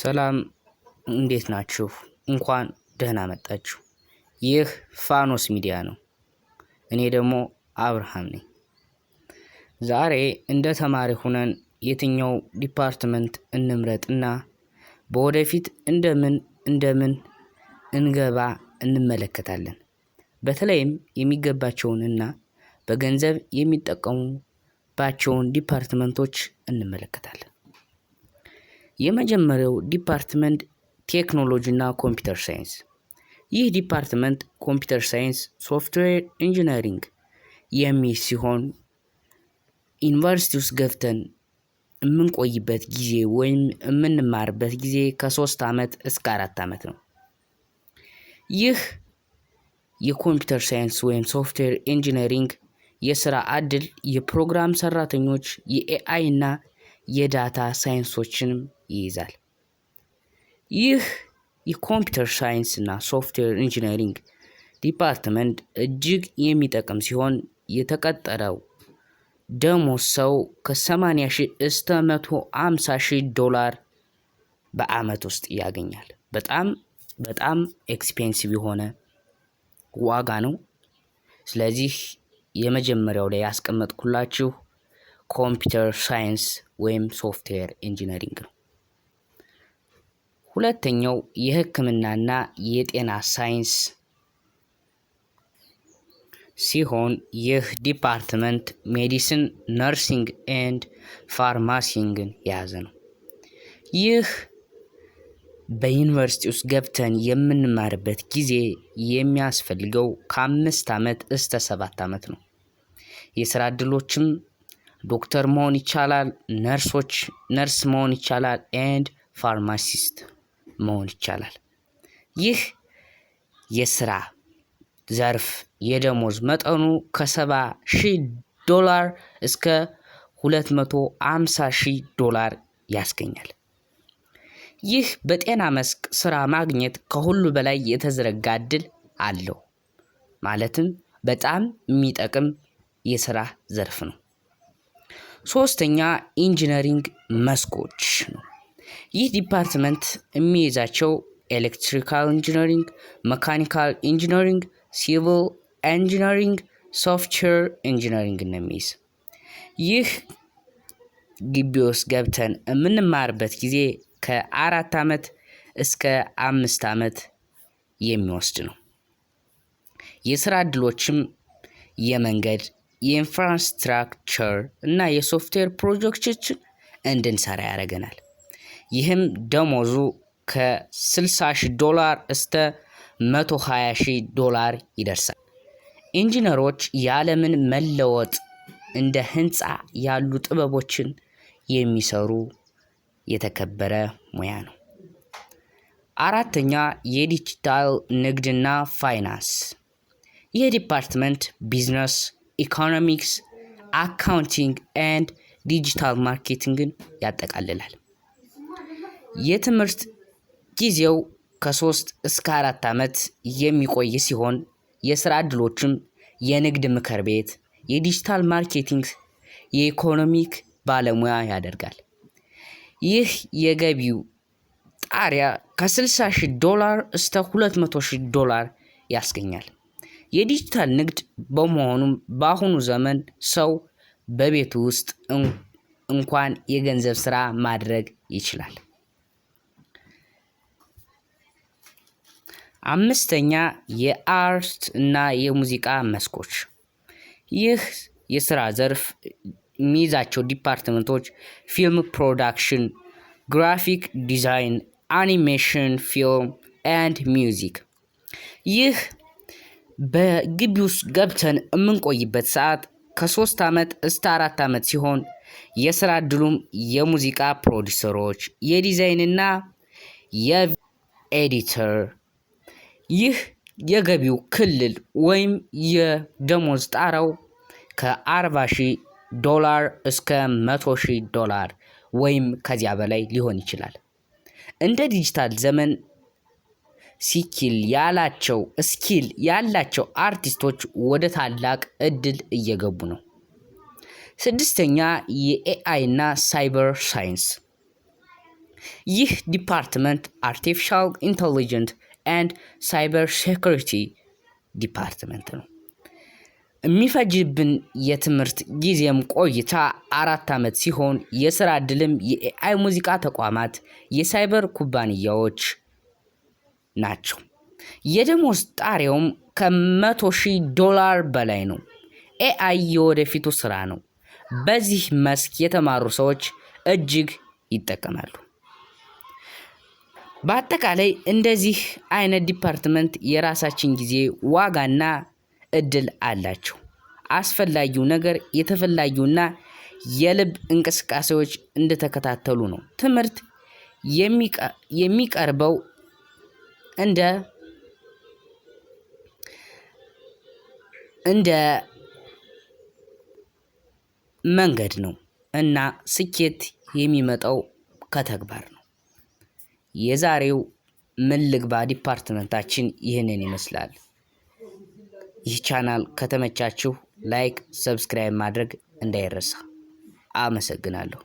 ሰላም እንዴት ናችሁ? እንኳን ደህና መጣችሁ። ይህ ፋኖስ ሚዲያ ነው። እኔ ደግሞ አብርሃም ነኝ። ዛሬ እንደ ተማሪ ሁነን የትኛው ዲፓርትመንት እንምረጥና በወደፊት እንደምን እንደምን እንገባ እንመለከታለን። በተለይም የሚገባቸውንና በገንዘብ የሚጠቀሙባቸውን ዲፓርትመንቶች እንመለከታለን። የመጀመሪያው ዲፓርትመንት ቴክኖሎጂ እና ኮምፒውተር ሳይንስ። ይህ ዲፓርትመንት ኮምፒውተር ሳይንስ፣ ሶፍትዌር ኢንጂነሪንግ የሚል ሲሆን ዩኒቨርሲቲ ውስጥ ገብተን የምንቆይበት ጊዜ ወይም የምንማርበት ጊዜ ከሶስት ዓመት እስከ አራት ዓመት ነው። ይህ የኮምፒውተር ሳይንስ ወይም ሶፍትዌር ኢንጂነሪንግ የስራ አድል የፕሮግራም ሰራተኞች፣ የኤአይ እና የዳታ ሳይንሶችንም ይይዛል። ይህ የኮምፒውተር ሳይንስ እና ሶፍትዌር ኢንጂነሪንግ ዲፓርትመንት እጅግ የሚጠቅም ሲሆን የተቀጠረው ደሞዝ ሰው ከ80 ሺህ እስከ 150 ሺህ ዶላር በአመት ውስጥ ያገኛል። በጣም በጣም ኤክስፔንሲቭ የሆነ ዋጋ ነው። ስለዚህ የመጀመሪያው ላይ ያስቀመጥኩላችሁ ኮምፒውተር ሳይንስ ወይም ሶፍትዌር ኢንጂነሪንግ ነው። ሁለተኛው የህክምናና የጤና ሳይንስ ሲሆን ይህ ዲፓርትመንት ሜዲሲን፣ ነርሲንግ ኤንድ ፋርማሲንግን የያዘ ነው። ይህ በዩኒቨርሲቲ ውስጥ ገብተን የምንማርበት ጊዜ የሚያስፈልገው ከአምስት ዓመት እስከ ሰባት ዓመት ነው። የስራ እድሎችም ዶክተር መሆን ይቻላል፣ ነርሶች ነርስ መሆን ይቻላል ኤንድ ፋርማሲስት መሆን ይቻላል። ይህ የስራ ዘርፍ የደሞዝ መጠኑ ከሰባ ሺህ ዶላር እስከ 250 ሺህ ዶላር ያስገኛል። ይህ በጤና መስክ ስራ ማግኘት ከሁሉ በላይ የተዘረጋ እድል አለው። ማለትም በጣም የሚጠቅም የስራ ዘርፍ ነው። ሶስተኛ ኢንጂነሪንግ መስኮች ነው። ይህ ዲፓርትመንት የሚይዛቸው ኤሌክትሪካል ኢንጂነሪንግ፣ መካኒካል ኢንጂነሪንግ፣ ሲቪል ኢንጂነሪንግ፣ ሶፍትዌር ኢንጂነሪንግ የሚይዝ ይህ ግቢ ውስጥ ገብተን የምንማርበት ጊዜ ከአራት ዓመት እስከ አምስት ዓመት የሚወስድ ነው። የስራ እድሎችም የመንገድ፣ የኢንፍራስትራክቸር እና የሶፍትዌር ፕሮጀክቶችን እንድንሰራ ያደርገናል። ይህም ደሞዙ ከ60 ዶላር እስተ 120 ዶላር ይደርሳል። ኢንጂነሮች የዓለምን መለወጥ እንደ ህንፃ ያሉ ጥበቦችን የሚሰሩ የተከበረ ሙያ ነው። አራተኛ የዲጂታል ንግድና ፋይናንስ። ይህ ዲፓርትመንት ቢዝነስ፣ ኢኮኖሚክስ፣ አካውንቲንግ ኤንድ ዲጂታል ማርኬቲንግን ያጠቃልላል። የትምህርት ጊዜው ከሶስት እስከ አራት ዓመት የሚቆይ ሲሆን የስራ ዕድሎችም የንግድ ምክር ቤት፣ የዲጂታል ማርኬቲንግ፣ የኢኮኖሚክ ባለሙያ ያደርጋል። ይህ የገቢው ጣሪያ ከ60 ሺህ ዶላር እስከ 200 ሺህ ዶላር ያስገኛል። የዲጂታል ንግድ በመሆኑም በአሁኑ ዘመን ሰው በቤቱ ውስጥ እንኳን የገንዘብ ስራ ማድረግ ይችላል። አምስተኛ የአርት እና የሙዚቃ መስኮች ይህ የስራ ዘርፍ የሚይዛቸው ዲፓርትመንቶች ፊልም ፕሮዳክሽን፣ ግራፊክ ዲዛይን፣ አኒሜሽን፣ ፊልም ኤንድ ሚውዚክ። ይህ በግቢ ውስጥ ገብተን የምንቆይበት ሰዓት ከሶስት ዓመት እስከ አራት ዓመት ሲሆን የስራ እድሉም የሙዚቃ ፕሮዲሰሮች፣ የዲዛይንና የኤዲተር ይህ የገቢው ክልል ወይም የደሞዝ ጣራው ከ40 ሺህ ዶላር እስከ 100 ሺህ ዶላር ወይም ከዚያ በላይ ሊሆን ይችላል። እንደ ዲጂታል ዘመን ሲኪል ያላቸው ስኪል ያላቸው አርቲስቶች ወደ ታላቅ እድል እየገቡ ነው። ስድስተኛ የኤአይ እና ሳይበር ሳይንስ ይህ ዲፓርትመንት አርቲፊሻል ኢንቴሊጀንት ኤንድ ሳይበር ሴኩሪቲ ዲፓርትመንት ነው። የሚፈጅብን የትምህርት ጊዜም ቆይታ አራት ዓመት ሲሆን የስራ ዕድልም የኤአይ ሙዚቃ ተቋማት፣ የሳይበር ኩባንያዎች ናቸው። የደሞዝ ጣሪያውም ከመቶ ሺህ ዶላር በላይ ነው። ኤአይ የወደፊቱ ስራ ነው። በዚህ መስክ የተማሩ ሰዎች እጅግ ይጠቀማሉ። በአጠቃላይ እንደዚህ አይነት ዲፓርትመንት የራሳችን ጊዜ ዋጋና እድል አላቸው። አስፈላጊው ነገር የተፈላጊውና የልብ እንቅስቃሴዎች እንደተከታተሉ ነው። ትምህርት የሚቀርበው እንደ እንደ መንገድ ነው እና ስኬት የሚመጣው ከተግባር ነው። የዛሬው ምን ልግባ ዲፓርትመንታችን ይህንን ይመስላል። ይህ ቻናል ከተመቻችሁ ላይክ፣ ሰብስክራይብ ማድረግ እንዳይረሳ። አመሰግናለሁ።